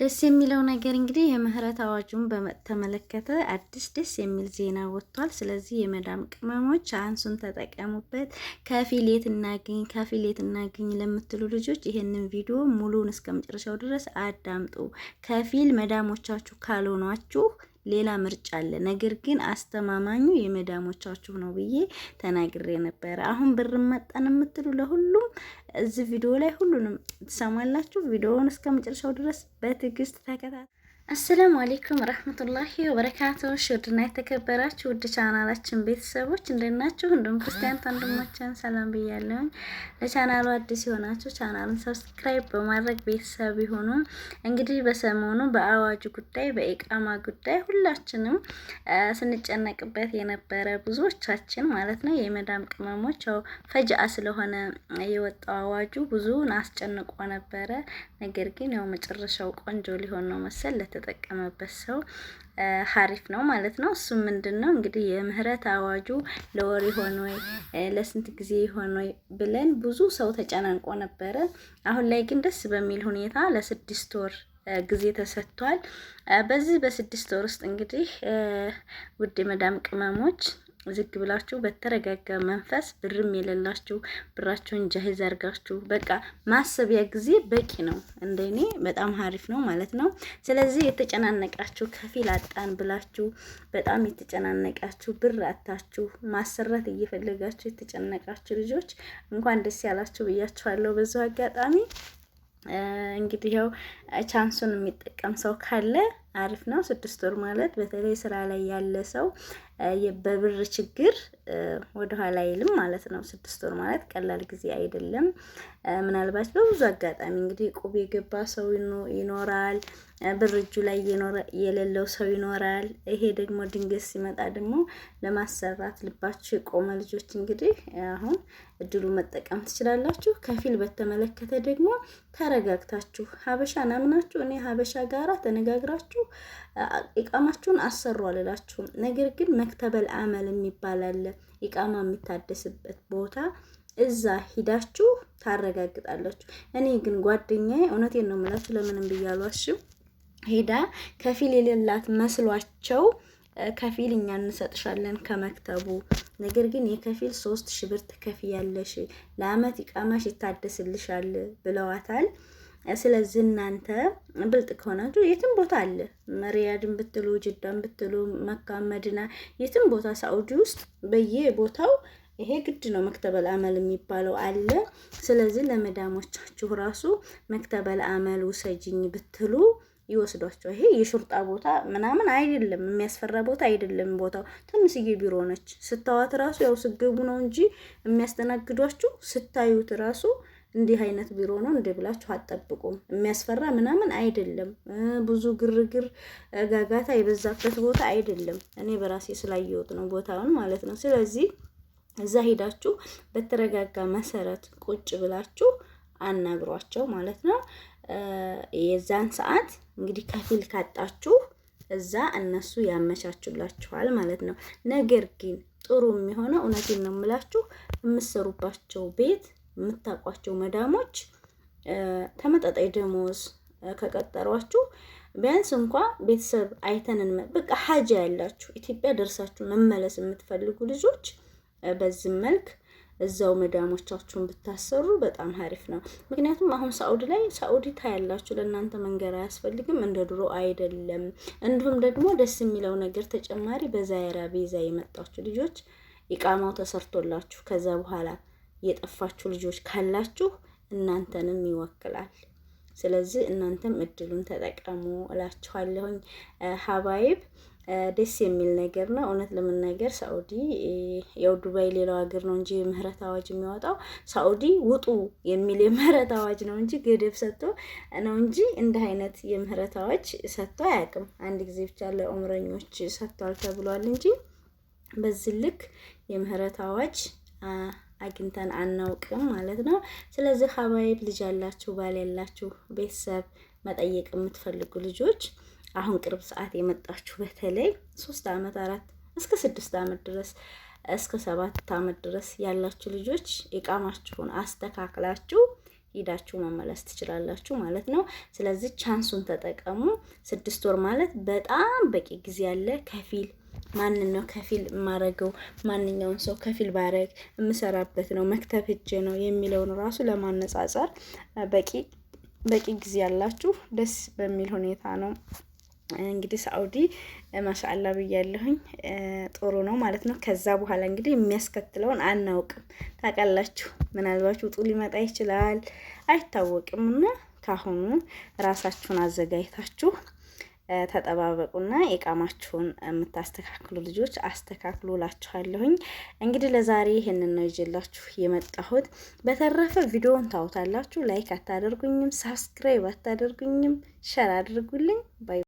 ደስ የሚለው ነገር እንግዲህ የምህረት አዋጁን በተመለከተ አዲስ ደስ የሚል ዜና ወጥቷል። ስለዚህ የመዳም ቅመሞች አንሱን ተጠቀሙበት። ከፊል የት እናገኝ ከፊል የት እናገኝ ለምትሉ ልጆች ይህንን ቪዲዮ ሙሉውን እስከ መጨረሻው ድረስ አዳምጡ። ከፊል መዳሞቻችሁ ካልሆኗችሁ ሌላ ምርጫ አለ። ነገር ግን አስተማማኙ የመዳሞቻችሁ ነው ብዬ ተናግሬ ነበረ። አሁን ብር መጣን የምትሉ ለሁሉም እዚህ ቪዲዮ ላይ ሁሉንም ትሰማላችሁ። ቪዲዮውን እስከ መጨረሻው ድረስ በትዕግስት ተከታተሉ። አሰላሙ አሌይኩም ረህመቱላሂ ወበረካቱ ውድና የተከበራችሁ ውድ ቻናላችን ቤተሰቦች እንዴት ናችሁ? እንዲሁም ክርስቲያን ወንድሞችን ሰላም ብያለሁኝ። ለቻናሉ አዲስ የሆናችሁ ቻናሉን ሰብስክራይብ በማድረግ ቤተሰብ ይሁኑ። እንግዲህ በሰሞኑ በአዋጁ ጉዳይ፣ በኢቃማ ጉዳይ ሁላችንም ስንጨነቅበት የነበረ ብዙዎቻችን ማለት ነው የመዳም ቅመሞች ያው ፈጅአ ስለሆነ የወጣው አዋጁ ብዙውን አስጨንቆ ነበረ። ነገር ግን ያው መጨረሻው ቆንጆ ሊሆን ነው መሰል የተጠቀመበት ሰው ሀሪፍ ነው ማለት ነው። እሱም ምንድን ነው እንግዲህ የምህረት አዋጁ ለወር ይሆን ወይ ለስንት ጊዜ ይሆን ወይ ብለን ብዙ ሰው ተጨናንቆ ነበረ። አሁን ላይ ግን ደስ በሚል ሁኔታ ለስድስት ወር ጊዜ ተሰጥቷል። በዚህ በስድስት ወር ውስጥ እንግዲህ ውድ መዳም ቅመሞች ዝግ ብላችሁ በተረጋጋ መንፈስ ብርም የሌላችሁ ብራችሁን ጃሄዝ አድርጋችሁ በቃ ማሰቢያ ጊዜ በቂ ነው። እንደኔ በጣም ሀሪፍ ነው ማለት ነው። ስለዚህ የተጨናነቃችሁ ከፊል አጣን ብላችሁ በጣም የተጨናነቃችሁ ብር አታችሁ ማሰራት እየፈለጋችሁ የተጨነቃችሁ ልጆች እንኳን ደስ ያላችሁ ብያችኋለሁ። በዚሁ አጋጣሚ እንግዲህ ያው ቻንሱን የሚጠቀም ሰው ካለ አሪፍ ነው። ስድስት ወር ማለት በተለይ ስራ ላይ ያለ ሰው በብር ችግር ወደኋላ አይልም ማለት ነው። ስድስት ወር ማለት ቀላል ጊዜ አይደለም። ምናልባት በብዙ አጋጣሚ እንግዲህ ቁብ የገባ ሰው ይኖራል፣ ብር እጁ ላይ የሌለው ሰው ይኖራል። ይሄ ደግሞ ድንገት ሲመጣ ደግሞ ለማሰራት ልባችሁ የቆመ ልጆች እንግዲህ አሁን እድሉ መጠቀም ትችላላችሁ። ከፊል በተመለከተ ደግሞ ተረጋግታችሁ ሀበሻ ናምናችሁ እኔ ሀበሻ ጋራ ተነጋግራችሁ ኢቃማችሁን አሰሩ አልላችሁም። ነገር ግን መክተበል አመል የሚባል አለ፣ ኢቃማ የሚታደስበት ቦታ እዛ ሂዳችሁ ታረጋግጣላችሁ። እኔ ግን ጓደኛዬ እውነቴን ነው የምላችሁ፣ ለምንም ብያሏሽም ሄዳ ከፊል የሌላት መስሏቸው ከፊል እኛ እንሰጥሻለን ከመክተቡ ነገር ግን የከፊል ሶስት ሺህ ብር ትከፍያለሽ ለአመት ኢቃማሽ ይታደስልሻል ብለዋታል። ስለዚህ እናንተ ብልጥ ከሆናችሁ የትም ቦታ አለ። መሪያድን ብትሉ ጅዳን ብትሉ መካ፣ መድና፣ የትም ቦታ ሳኡዲ ውስጥ በየቦታው ይሄ ግድ ነው። መክተበል አመል የሚባለው አለ። ስለዚህ ለመዳሞቻችሁ ራሱ መክተበል አመል ውሰጅኝ ብትሉ ይወስዷቸው። ይሄ የሹርጣ ቦታ ምናምን አይደለም፣ የሚያስፈራ ቦታ አይደለም። ቦታው ትንሽዬ ቢሮ ነች። ስታዋት ራሱ ያው ስገቡ ነው እንጂ የሚያስተናግዷችሁ ስታዩት ራሱ እንዲህ አይነት ቢሮ ነው እንዴ ብላችሁ አጠብቁም። የሚያስፈራ ምናምን አይደለም። ብዙ ግርግር ጋጋታ የበዛበት ቦታ አይደለም። እኔ በራሴ ስላየሁት ነው ቦታውን ማለት ነው። ስለዚህ እዛ ሄዳችሁ በተረጋጋ መሰረት ቁጭ ብላችሁ አናግሯቸው ማለት ነው። የዛን ሰዓት እንግዲህ ከፊል ካጣችሁ እዛ እነሱ ያመቻችላችኋል ማለት ነው። ነገር ግን ጥሩ የሚሆነው እውነቴን ነው የምላችሁ የምትሰሩባቸው ቤት የምታውቋቸው መዳሞች ተመጣጣኝ ደሞዝ ከቀጠሯችሁ ቢያንስ እንኳ ቤተሰብ አይተንን በቃ ሀጃ ያላችሁ ኢትዮጵያ ደርሳችሁ መመለስ የምትፈልጉ ልጆች በዚህ መልክ እዛው መዳሞቻችሁን ብታሰሩ በጣም ሀሪፍ ነው። ምክንያቱም አሁን ሳኡዲ ላይ ሳኡዲ ታያላችሁ፣ ለእናንተ መንገር አያስፈልግም፣ እንደ ድሮ አይደለም። እንዲሁም ደግሞ ደስ የሚለው ነገር ተጨማሪ በዛይራ ቤዛ የመጣችሁ ልጆች ኢቃማው ተሰርቶላችሁ ከዛ በኋላ የጠፋችሁ ልጆች ካላችሁ እናንተንም ይወክላል። ስለዚህ እናንተም እድሉን ተጠቀሙ እላችኋለሁኝ። ሀባይብ ደስ የሚል ነገር ነው። እውነት ለመናገር ሳኡዲ ያው ዱባይ ሌላው ሀገር ነው እንጂ የምህረት አዋጅ የሚያወጣው ሳኡዲ ውጡ የሚል የምህረት አዋጅ ነው እንጂ ገደብ ሰጥቶ ነው እንጂ እንዲህ አይነት የምህረት አዋጅ ሰጥቶ አያውቅም። አንድ ጊዜ ብቻ ለኡምረኞች ሰጥቷል ተብሏል እንጂ በዚህ ልክ የምህረት አዋጅ አግኝተን አናውቅም ማለት ነው። ስለዚህ ሀባይብ ልጅ ያላችሁ፣ ባል ያላችሁ፣ ቤተሰብ መጠየቅ የምትፈልጉ ልጆች አሁን ቅርብ ሰዓት የመጣችሁ በተለይ ሶስት አመት አራት እስከ ስድስት አመት ድረስ እስከ ሰባት አመት ድረስ ያላችሁ ልጆች የቃማችሁን አስተካክላችሁ ሂዳችሁ መመለስ ትችላላችሁ ማለት ነው። ስለዚህ ቻንሱን ተጠቀሙ። ስድስት ወር ማለት በጣም በቂ ጊዜ ያለ ከፊል ማንን ነው ከፊል የማረገው? ማንኛውን ሰው ከፊል ባረግ የምሰራበት ነው መክተብ ሄጄ ነው የሚለውን ራሱ ለማነጻጸር በቂ በቂ ጊዜ ያላችሁ ደስ በሚል ሁኔታ ነው እንግዲህ ሳኡዲ ማሻአላ ብያለሁኝ። ጥሩ ነው ማለት ነው። ከዛ በኋላ እንግዲህ የሚያስከትለውን አናውቅም። ታውቃላችሁ፣ ምናልባች ውጡ ሊመጣ ይችላል፣ አይታወቅም እና ካሁኑ ራሳችሁን አዘጋጅታችሁ ተጠባበቁና የቃማችሁን የምታስተካክሉ ልጆች አስተካክሉ ላችኋለሁኝ። እንግዲህ ለዛሬ ይህንን ነው ይዤላችሁ የመጣሁት። በተረፈ ቪዲዮውን ታውታላችሁ፣ ላይክ አታደርጉኝም፣ ሳብስክራይብ አታደርጉኝም፣ ሸር አድርጉልኝ።